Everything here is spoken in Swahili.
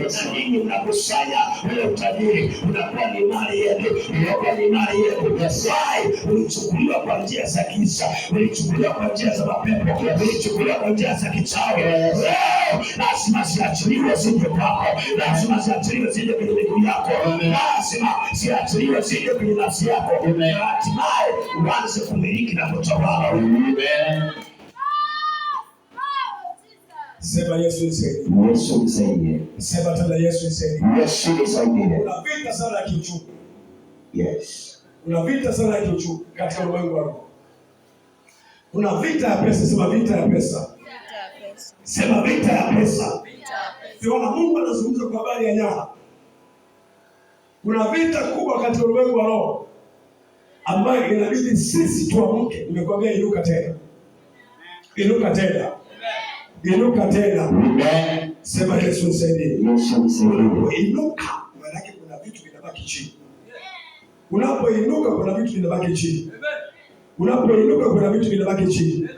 Pesa nyingi unakusanya ule utajiri unakuwa ni mali yetu, unakuwa ni mali yetu. That's ulichukuliwa kwa njia za kisa, ulichukuliwa kwa njia za mapepo, ulichukuliwa kwa njia za kichawi. Leo lazima ziachiliwe zije kwako, lazima ziachiliwe zije kwenye miguu yako, lazima ziachiliwe zije kwenye nafsi yako, hatimaye uanze kumiliki na kutawala. Amen. Sema Yesu nisaidie. Yesu nisaidie. Sema tena Yesu nisaidie. Yesu nisaidie. Una vita sana ya kiuchumi. Yes. Una vita sana ya kiuchumi katika ulimwengu wa roho. Kuna vita ya pesa, sema vita ya pesa. Vita ya pesa. Sema vita ya pesa. Tunaona Mungu anazungumza kwa habari ya nyara. Kuna vita kubwa katika ulimwengu wa roho ambayo inabidi sisi tuamke. Nimekwambia inuka tena. Inuka tena. Inuka tena. Sema Yesu nisaidie. Yesu nisaidie. Unapoinuka maana yake kuna vitu vinabaki chini. Unapoinuka kuna vitu vinabaki chini. Unapoinuka kuna vitu vinabaki chini.